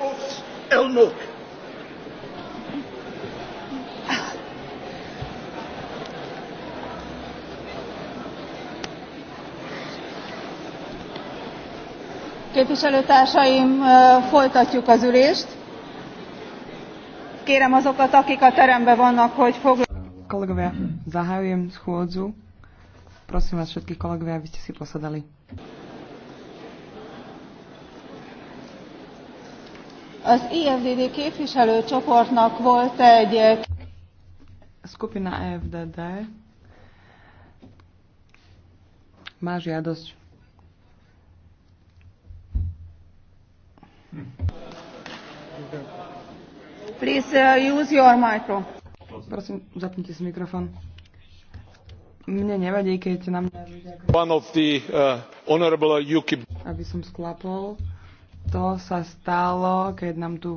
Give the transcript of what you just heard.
ons Elnok. Képviselőtársaim, folytatjuk az ülést. Kérem azokat, akik a teremben vannak, hogy foglalkozzanak. Kolegovia, zahajujem schôdzu. Prosím vás všetkých kolegovia, aby ste si posadali. Az EFDD képviselőcsoportnak volt egy... Eh, Skupina EFDD má žiadosť. Please uh, use your micro. Prosím, zapnite si mikrofón. Mne nevadí, keď nám... One of the uh, honorable UKIP. Aby som sklapol. To sa stalo, keď nám tu